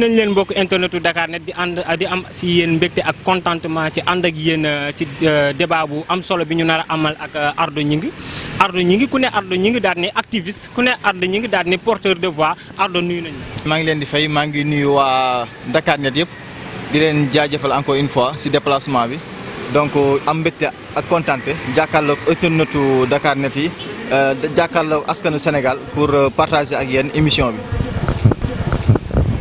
nañ leen mbokk internetu Dakar Net di ànd di am si yéen mbégte ak contentement ci ànd ak yéen euh, ci euh, débat bu am solo bi ñu nar a amal ak euh, Ardo Gningue Ardo Gningue ku ne Ardo Gningue daal ni activiste ku ne Ardo Gningue daal ni porteur de voix Ardo nuyu nañu maa ngi leen di fay maa ngi nuyu waa Dakar Net yëpp di leen jaajëfal encore une fois si déplacement bi donc am mbégte ak kontante jàkkaarloog internetu Dakar Net yi jàkkaarloog askanu Sénégal pour partager ak yéen émission bi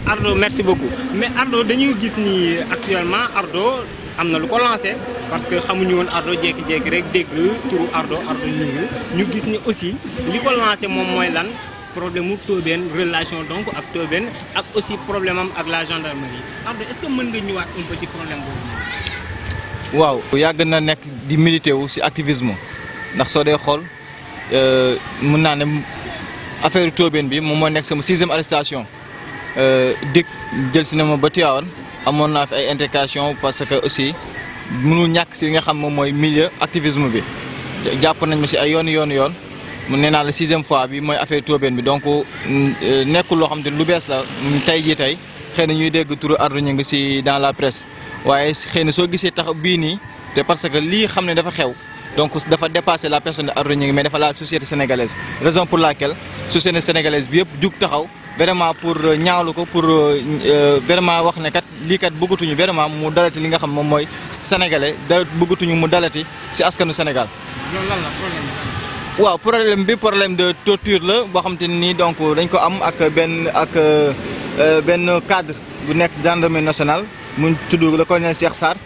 Ardo merci beaucoup mais Ardo dañuy gis ni actuellement Ardo am na lu ko lancé parce que xamuñu woon Ardo jékki-jékki rek dégg turu Ardo Ardo ñu ñu gis ni aussi li ko lancé moom mooy lan problème mu Tobène relation donc ak Tobène ak aussi problème am ak la gendarmerie Ardo est-ce que mën nga ñëwaat un peu ci problème boobu. waaw yàgg na nekk di milité wu si activisme ndax soo dee xool euh, mën naa ne affaire Tobène bi moom mooy nekk sama sixième arrestation. Euh, dikk jël si na ma ba Tivaouane amoon naa fi ay intercation parce que aussi mënul ñàkk si li nga xam moom mooy milieu activisme bi jàpp nañ ma si ay yoon yoon yoon mu nee naa la sixième fois bi mooy affaire Tobène bi donc euh, nekkul loo xam te lu bees la tey jii tey xëy ñuy dégg turu Ardo ngi si dans la presse waaye xëy na soo gisee tax bii nii te parce que lii xam ne dafa xew donc dafa dépasser la personne de Arona Gningue mais dafa la société sénégalaise raison pour laquelle société sénégalaise bi yëpp jug taxaw vraiment pour euh, ñaawlu ko pour euh, euh, vraiment wax ne kat lii kat bëggatuñu vraiment mu dalati li nga xam moom mooy sénégalais da bëggatuñu mu dalati ci askanu Sénégal. waaw problème bi problème de torture la boo xam te nii donc dañ ko am ak benn ak benn cadre bu nekk gendarmerie national mu tudd le colonel Cheikh Sarr.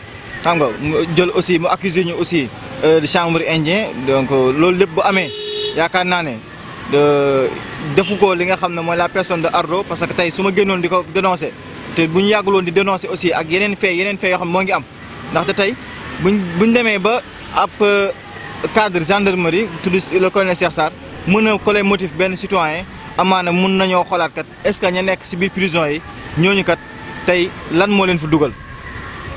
xam nga jël aussi mu accusé ñu aussi euh, de chanvre indien donc euh, loolu lépp bu amee yaakaar naa ne defu ko li nga xam ne mooy la personne de Ardo parce que tey su ma génnoon di ko dénoncé te buñ ñu yàgguloon di dénoncé aussi ak yeneen fee yeneen fee yoo xam ne moo ngi am ndaxte tey buñ buñ demee ba ab euh, cadre gendarmerie tudd le colonel Cheikh Sarr mën a coller motif benn citoyen amaana mun nañoo xoolaat kat est-ce ña nekk si biir prison yi ñooñu kat tey lan moo leen fi dugal.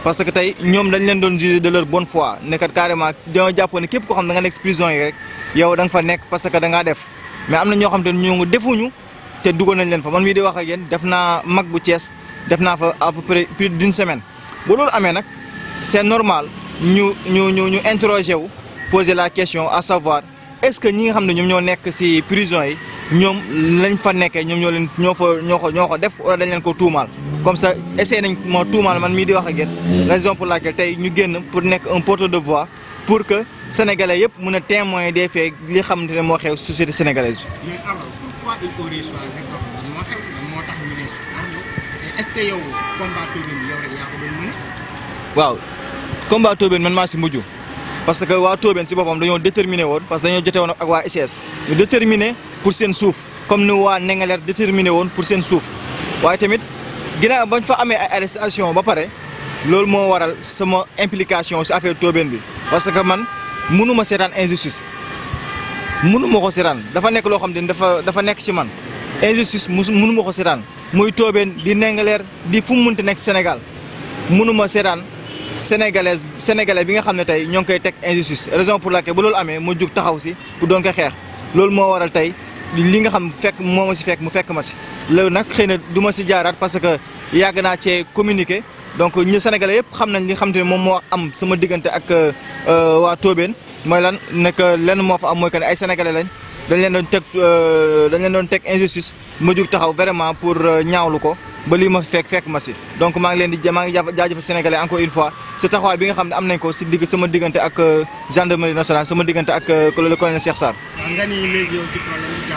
parce que tey ñoom dañ leen doon juger de leur bonne foi nekkat carrément dañoo jàpp ne képp koo xam da nga nekk prison yi rek yow da nga fa nekk parce que da def mais am na ñoo xam te ñoo ngi defuñu te dugal nañ leen fa man mii di wax ak yéen def naa mag bu Thiès def naa fa à peu près plus d'une semaine boo loolu amee nag c'est normal ñu ñu ñu ñu interroger wu poser la question à savoir est-ce que ñi nga xam ne ñoom ñoo nekk si prison yi ñoom lañ fa nekkee ñoom ñoo leen ñoo fa ñoo ko ñoo def wala dañ leen ko tuumaal comme ça essayé nañ ma tuumaal man mii di wax ak yéen raison pour laquelle tey ñu génn pour nekk un porte de voix pour que sénégalais yëpp mën a témoin des faits li xamante ne moo xew société sénégalaise bi. ce que yow combat turbine yow rek yaa waaw combat turbine man maa si mujj. parce que waa Tóobén si boppam dañoo déterminé woon parce que dañoo jote woon ak waa ICS ñu déterminé pour seen suuf comme ni waa Nengeler déterminé woon pour seen suuf waaye tamit ginnaaw bañ fa amee ay arrestation ba pare loolu moo waral sama implication si affaire Tóobén bi parce que man mënuma seetaan injustice mënuma ko seetaan dafa nekk loo xam ne dafa dafa nekk ci man injustice mu munuma ko seetaan muy Tóobén di Nengeler di fu mu munti nekk Sénégal mënuma seetaan sénégalaise sénégalais bi nga xam ne tey ñoo ngi koy teg injustice raison pour laquelle bu loolu amee mu jug taxaw si pour doon ko xeex loolu moo waral tey li nga xam fekk moo ma si fekk mu fekk ma si. loolu nag xëy na du ma si jaaraat parce que yàgg naa cee communiqué donc ñu sénégale yëpp xam nañ ni nga xam te ne moom moo am sama diggante ak euh, waa Tobène mooy lan nekk lenn moo fa am mooy que ay sénégalais lañ. dañ leen doon teg euh, dañ leen doon teg injustice ma jug taxaw vraiment pour euh, ñaawlu ko ba lii ma fekk fekk ma si donc maa ngi leen di maa ngi jaajëfal sénégalais encore une fois si taxawaay bi nga xam ne am nañ ko si digg sama diggante ak euh, gendarmerie nationale sama diggante ak euh, le colonel waaw nga ko léegi yow ci mhm.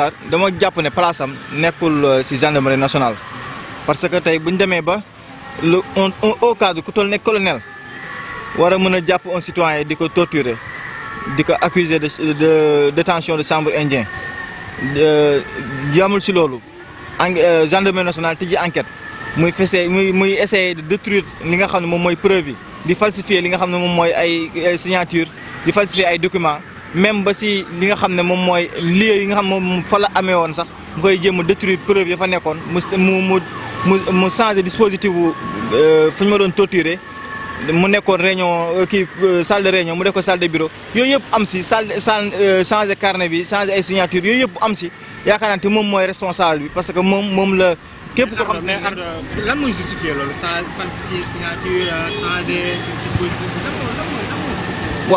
euh, dama jàpp ne place am nekkul si gendarmerie nationale parce que tey bu ñu demee ba le on au cadre ku toll ne colonel. war a mën a jàpp un citoyen di ko torturer di ko accuser de de détention de chambre indien yamul si loolu en euh, gendarmerie nationale tijji enquête muy fese muy muy essayer de détruire li nga xam ne moom mooy preuve yi di falsifier li nga xam ne moom mooy ay signature di falsifier ay documents même ba si li nga xam ne moom mooy lieu yi nga xam moom fa la amee woon sax mu koy jéem a détruire preuve ya fa nekkoon mu mu mu mu changer dispositif fu euh, ñu ma doon torturer mu nekkoon réunion euh, kii euh, salle de réunion mu def ko salle de bureau yooyu yëpp am si salle salle euh, changé carnet bi changé ay signature yooyu yëpp am si yaakaar naa te moom mooy responsable bi parce que moom moom la képp ko xam mais Ardo lan mooy justifier loolu changé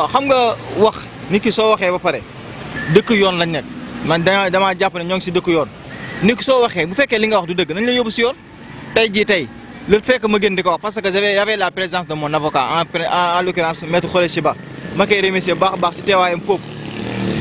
xam nga wax nit ki soo waxee ba pare dëkk yoon lañ nekk man da damaa jàpp ne ñoo ngi si dëkk yoon nit soo waxee bu fekkee li nga wax du dëgg nañu la yóbbu si yoon tey jii tey le fait que ma gën di ko wax parce que j'avais y'avait la présence de mon avocat en en, en l'occurrence maître Khoureychi Ba ma koy remercier baax baax si teewaayam foofu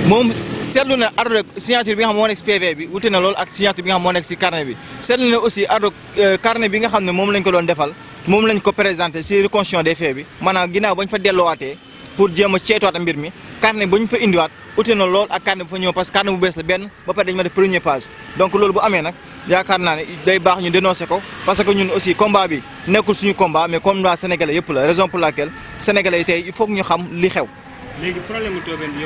moom seetlu na ardoc signature bi nga xam moo nekk bi wute na loolu ak signature bi nga xam nekk si carnet bi seetlu na aussi ardoc euh, carnet bi nga xam ne moom lañ ko doon defal moom lañ ko présenté si reconstitution des faits bi maanaam ginnaaw bañ fa delluwaatee pour jéem a mbir mi carnet ba ñu fa indiwaat ute na lool ak carnet bu fa ñëw parce que carnet bu bees la benn ba pare dañu ma def premier page donc loolu bu amee nag yaakaar naa day baax ñu dénoncé ko parce que ñun aussi combat bi nekkul suñu combat mais a sénégalais yëpp la raison pour laquelle sénégalais tey il faut ñu xam li xew. léegi problème toobeen bi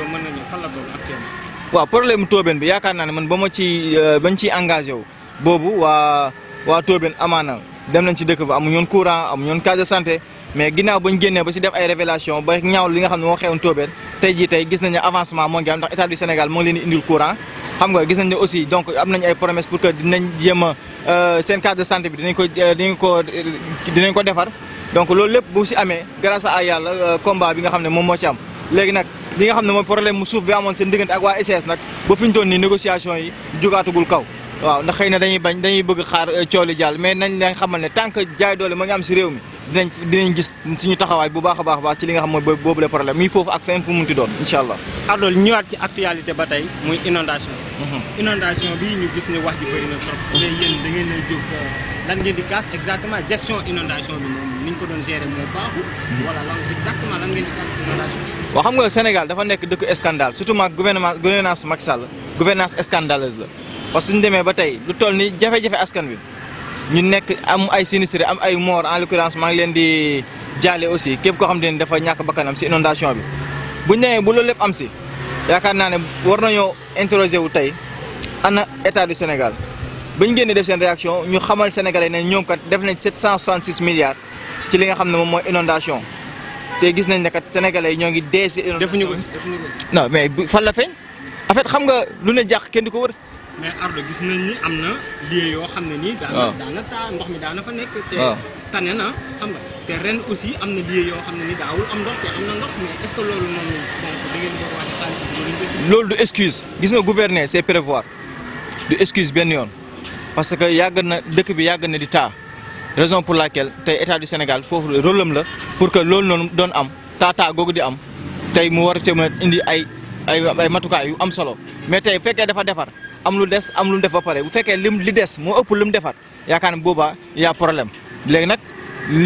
waaw problème toobeen bi yaakaar naa ne man ba ma ci euh, bañ ciy engagé wu boobu waa waa toobeen amaana dem nañ ci dëkk ba amuñu ñoon courant am ñoon case de mais ginnaaw ba ñu génnee ba si def ay révélation ba ñaaw li nga xam ne moo xewoon Tóobéen tey jii tey gis nañu avancement moo ngi am ndax état du Sénégal moo ngi leen di indil courant xam nga gis nañ ne aussi donc am nañ ay promesse pour que dinañ jéem a euh, seen carte de santé bi dinañ ko euh, dinañ ko euh, dinañ ko defar donc loolu lépp bu si amee grâce à yàlla combat bi nga xam ne moom moo ci am léegi nag li nga xam ne mooy problème mu suuf bi amoon seen diggante ak waa SES nag ba fi ñu toon nii négociation yi jugaatugul kaw waaw ndax xëy na dañuy bañ dañuy bëgg xaar euh, cooli jàll mais nañ dañ xamal ne tant que jaay doole ma ngi am si réew mi dinañ dinañ gis suñu taxawaay bu baax a baax baax ci li nga xam mooy boobu le problème muy foofu ak fenn fu munti doon incha allah ardool ñëwaat ci actualité ba tey muy inondation mhm. inondation bi ñu gis ne wax ji bëri na trop mais mhm. ngeen a euh, di kaas exactement gestion inondation bi moom ni ñu ko doon gérer moo baaxul mhm. wala xam nga Sénégal dafa nekk dëkk scandale surtout maag gouvernement gouvernance Macky Sall gouvernance scandaleuse la parce que suñu demee ba tey lu toll ni jafe-jafe askan wi ñu nekk am ay sinistre am ay mort en l'occurrence maa ngi leen di jaale aussi képp koo xam ne dafa ñàkk bakkanam si inondation bi buñ demee bu loolu lépp am si yaakaar naa ne war nañoo interroger wu tey ana état du Sénégal bañ génnee def seen réaction ñu xamal sénégalais ne ñoom kat def nañ 766 milliards ci li nga xam ne moom mooy inondation te gis nañ ne kat sénégalais yi ñoo ngi dee si. defuñu ko mais fan la feeñ en fait xam nga lu ne jàq kenn di ko wër. mais Ardo gis nañ ni am na lieu yoo xam nii. waaw ah. mi daana fa nekk. Ah. na aussi am na lieu yoo xam ne nii est loolu du excuse gis nga gouverner c'est prévoir du excuse benn yoon parce que yàgg na dëkk bi yàgg na di taa raison pour laquelle tey état du Sénégal foofu rôle am la pour que loolu noonu doon am taa taa googu di am tey mu war a mën a indi ay ay matukaay yu am solo mais tey fekkee dafa defar. am lu des am lu mu def ba pare bu fekkee li des moo ëpp lu mu defaat yaakaar ne boobaa y' a problème léegi nag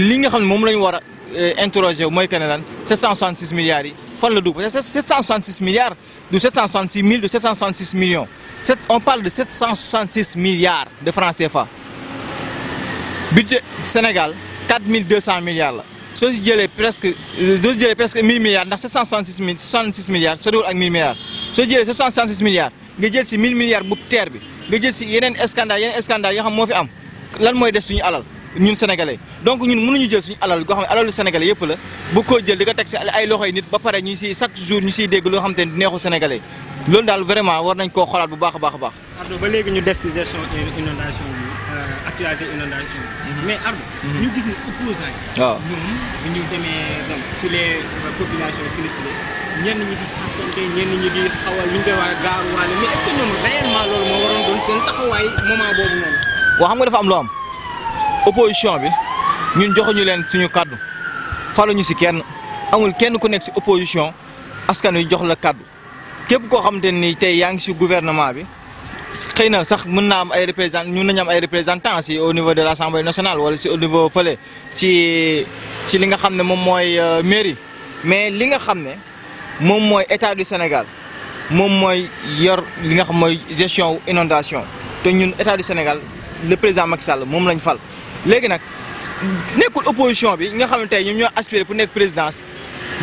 li nga xam ne moom la ñu war a euh, interroger mooy que ne lan 766 milliards yi fan la dugg parce que 766 milliards du 766 mille du 766 millions sept on parle de 766 milliards de francs CFA budget Sénégal 4200 milliards la. soo si jëlee presque soo si jëlee presque 1000 milliards ndax 766 mille 66 milliards soriwul ak 1000 milliards soo jëlee 766 milliards nga jël si 1000 milliards bu terre bi nga jël si yeneen scandale yeneen scandale yoo xam moo fi am lan mooy des suñu alal ñun sénégalais donc ñun mënuñu jël suñu alal goo xam ne alalu sénégalais yëpp la bu ko jël di ko teg si ay loxoy nit ba pare ñu si chaque jour ñu siy dégg loo xam te ne neexu sénégalais loolu daal vraiment war nañ koo xoolaat bu baax a baax a baax. Ardo ba léegi ñu des ci gestion inondation bi euh, mhm. mais Ardo. Mhm. ñu gis ni opposants yi. Euh, xam nga dafa am lu am opposition bi ñun joxuñu leen suñu kàddu faluñu si kenn amul kenn ku nekk si opposition askan wi jox la kàddu. képp koo xamante ni tey yaa ngi si gouvernement bi xëy na sax mun naa am ay représentant ñun nañu am ay représentants si au niveau de l' assemblée nationale wala si au niveau fële ci ci li nga xam ne moom mooy euh, mairie mais li nga xam ne moom mooy état du Sénégal moom mooy yor li nga xam mooy gestion wu inondation te ñun état du Sénégal le président Macky Sall moom lañ fal léegi nag nekkul opposition bi nga xam ne tey ñoom ñoo aspiré pour nekk présidence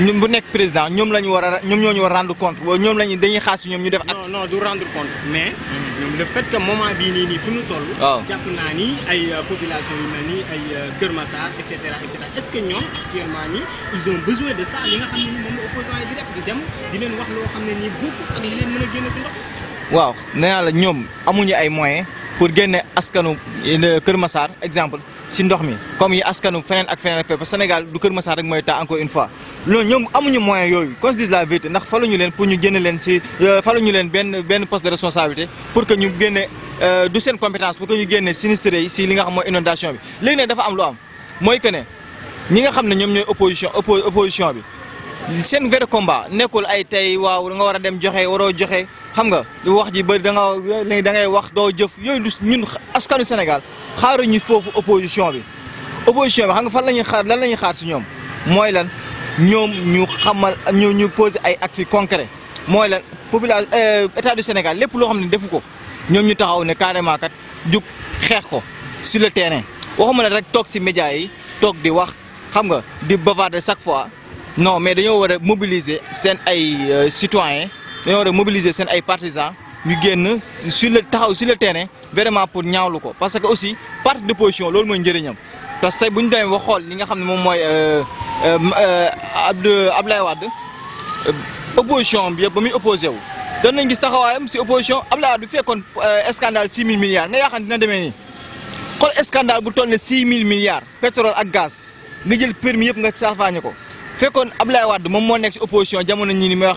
ñun bu nekk président ñoom la ñu war ñoo ñu war a rendre compte ñoom lañu dañuy xaas si ñoom ñu def. non non du compte mais. Mhm. ñoom le que moment bii nii nii fu ñu toll. waaw jàpp ni ay euh, population yu mel ay euh, Kër Massar et cetera et cetera est-ce que de di waaw nee la ñoom amuñu ay moyens pour génne askanu euh, Kër Massar exemple. si ndox mi comme yi askanu feneen ak feneen ak Sénégal du Kër Massar rek mooy taa encore une fois loolu ñoom amuñu moyen yooyu qu'on se dise la vérité ndax faluñu leen pour ñu génne leen si euh, faluñu leen benn benn poste de responsabilité pour que ñu génne euh, du seen compétence pour que ñu génne sinistré yi si li nga xam mooy inondation bi léegi ne dafa am lu am mooy que ne ñi nga xam ne ñoom ñooy opposition opposition bi seen vrai combat nekkul ay tey waaw nga war a dem joxe waroo joxe xam nga wax ji bëri da nga léegi da ngay wax doo jëf yooyu lu ñun askanu Sénégal xaaruñu foofu opposition bi opposition bi xam nga fan la ñuy xaar lan la ñuy xaar si ñoom mooy lan ñoom ñu xamal ñu ñu poser ay actes concrets mooy lan population euh, état du Sénégal lépp loo xam ne defu ko ñoom ñu taxaw ne carrément kat jug xeex ko sur le terrain waxuma la rek toog si médias yi toog di wax xam nga di bavarder chaque fois non mais dañoo war a mobiliser seen ay euh, citoyens dañoo war a mobiliser seen ay partisans ñu génn su le taxaw sur le terrain vraiment pour ñaawlu ko parce que aussi parti de position loolu mooy njëriñam parce que tey bu ñu demee ba xool li nga xam ne moom mooy euh, euh, Abdou Abdoulaye Wade euh, opposition bi yëpp ba muy opposé wu. doon nañ gis taxawaayam si opposition Abdoulaye Wade bu fekkoon scandale 6 000 milliards nga yaakaar dina demee nii xool scandale bu toll ne 6 000 milliards pétrole ak gaz nga jël permis yëpp nga salfaañe ko. fekkoon Ablaye Wade moom moo nekk si opposition jamono ñii ni may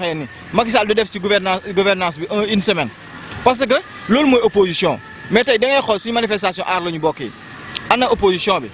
waxee ni du def si gouvernance gouvernance bi une semaine parce que loolu mooy opposition mais tey da ngay xool suñu manifestation aar la ñu bokk yi ana opposition bi